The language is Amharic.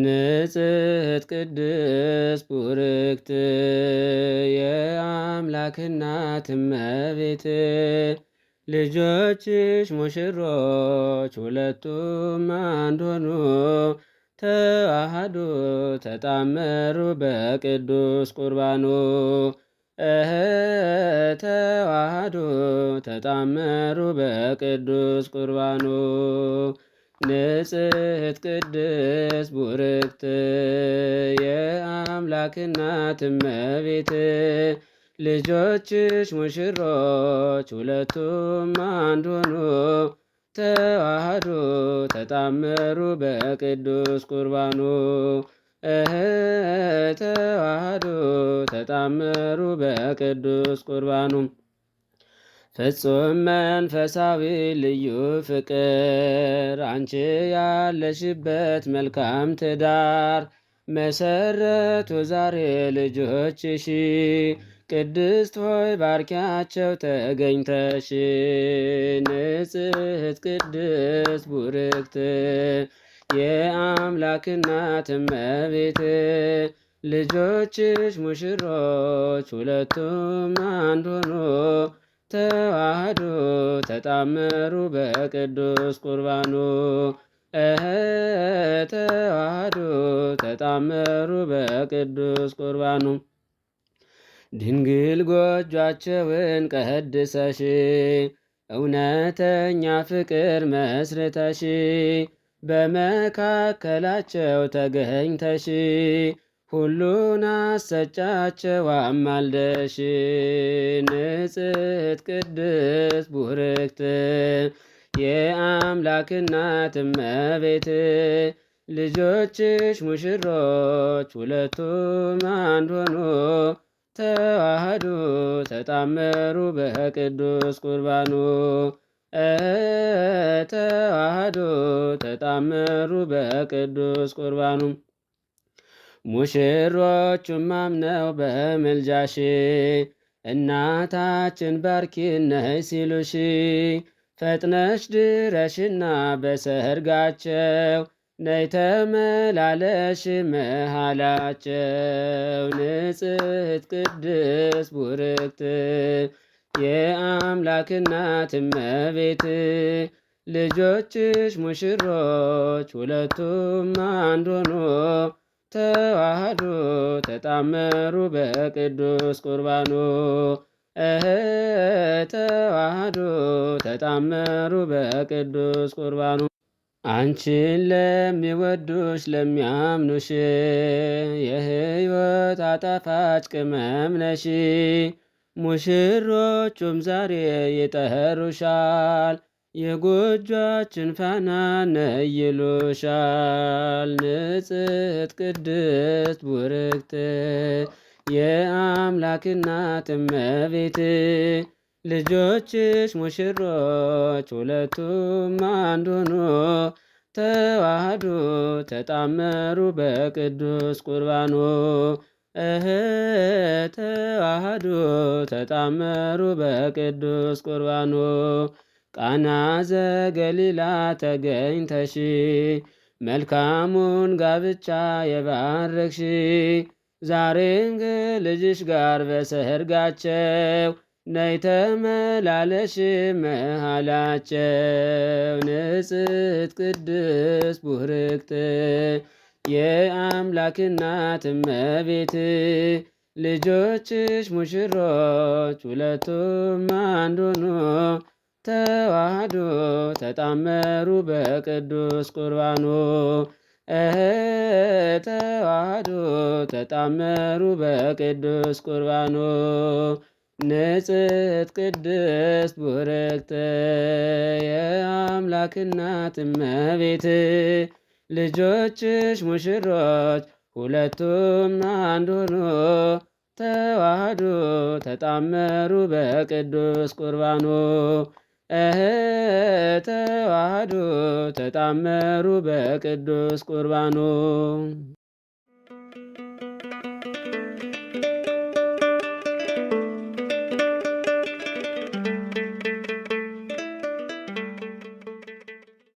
ንጽሕት ቅድስ ቡርክት የአምላክ እናት እመቤት ልጆችሽ ሙሽሮች ሁለቱም አንድ ሆኑ፣ ተዋሃዱ፣ ተጣመሩ በቅዱስ ቁርባኑ። ተዋሃዱ፣ ተጣመሩ በቅዱስ ቁርባኑ። ንጽሕት ቅድስ ቡርክት የአምላክ እናት እመቤት ልጆችሽ ሙሽሮች ሁለቱም አንድ ሆኑ፣ ተዋህዱ ተጣመሩ በቅዱስ ቁርባኑ። ተዋህዱ ተጣመሩ በቅዱስ ቁርባኑ። ፍጹም መንፈሳዊ ልዩ ፍቅር አንቺ ያለሽበት መልካም ትዳር መሰረቱ ዛሬ ልጆችሽ ቅድስት ሆይ ባርኪያቸው ተገኝተሽ ንጽሕት ቅድስት ቡርክት የአምላክ እናት እመቤት ልጆችሽ ሙሽሮች ሁለቱም አንድ ሆኖ ተዋህዱ ተጣመሩ በቅዱስ ቁርባኑ ተዋህዶ ተጣመሩ በቅዱስ ቁርባኑ ድንግል ጎጇቸውን ቀድሰሽ እውነተኛ ፍቅር መስርተሽ በመካከላቸው ተገኝተሽ ሁሉን አሰጫቸው አማልደሽ ንጽሕት ቅድስት ቡርክት የአምላክ እናት እመቤት ልጆችሽ ሙሽሮች ሁለቱም አንድ ሆኑ ተዋህዱ ተጣመሩ በቅዱስ ቁርባኑ ተዋህዱ ተጣመሩ በቅዱስ ቁርባኑ ሙሽሮቹም አምነው በምልጃሽ እናታችን ባርኪነይ ሲሉሽ ፈጥነሽ ድረሽና በሰርጋቸው ነይ ተመላለሽ መሃላቸው። ንጽሕት ቅድስት ቡርክት የአምላክ እናት እመቤት ልጆችሽ ሙሽሮች ሁለቱም አንድ ሆኖ ተዋህዶ ተጣመሩ በቅዱስ ቁርባኑ ተዋህዶ ተጣመሩ በቅዱስ ቁርባኑ አንቺን ለሚወዱሽ ለሚያምኑሽ የሕይወት አጣፋጭ ቅመም ነሽ። ሙሽሮቹም ዛሬ ይጠሩሻል። የጎጇችን ፋና ነይሉሻል ንጽሕት ቅድስት ቡርክት የአምላክናት እናት እመቤት ልጆችሽ ሙሽሮች ሁለቱም አንዱኑ ተዋህዱ ተጣመሩ በቅዱስ ቁርባኑ እህ ተዋህዱ ተጣመሩ በቅዱስ ቁርባኑ ቃና ዘገሊላ ተገኝተሺ መልካሙን ጋብቻ የባረክሺ ዛሬን ልጅሽ ጋር በሰርጋቸው ነይ ተመላለሽ መሃላቸው። ንጽት ቅድስ ቡርክት የአምላክ እናት እመቤት ልጆችሽ ሙሽሮች ሁለቱም አንድ ተዋህዶ ተጣመሩ በቅዱስ ቁርባኑ ተዋህዶ ተጣመሩ በቅዱስ ቁርባኑ ንጽት ቅድስት ቡርክት የአምላክ እናት እመቤት ልጆችሽ ሙሽሮች ሁለቱም አንድ ሆኖ ተዋህዶ ተጣመሩ በቅዱስ ቁርባኑ ተዋህዶ ተጣመሩ በቅዱስ ቁርባኑ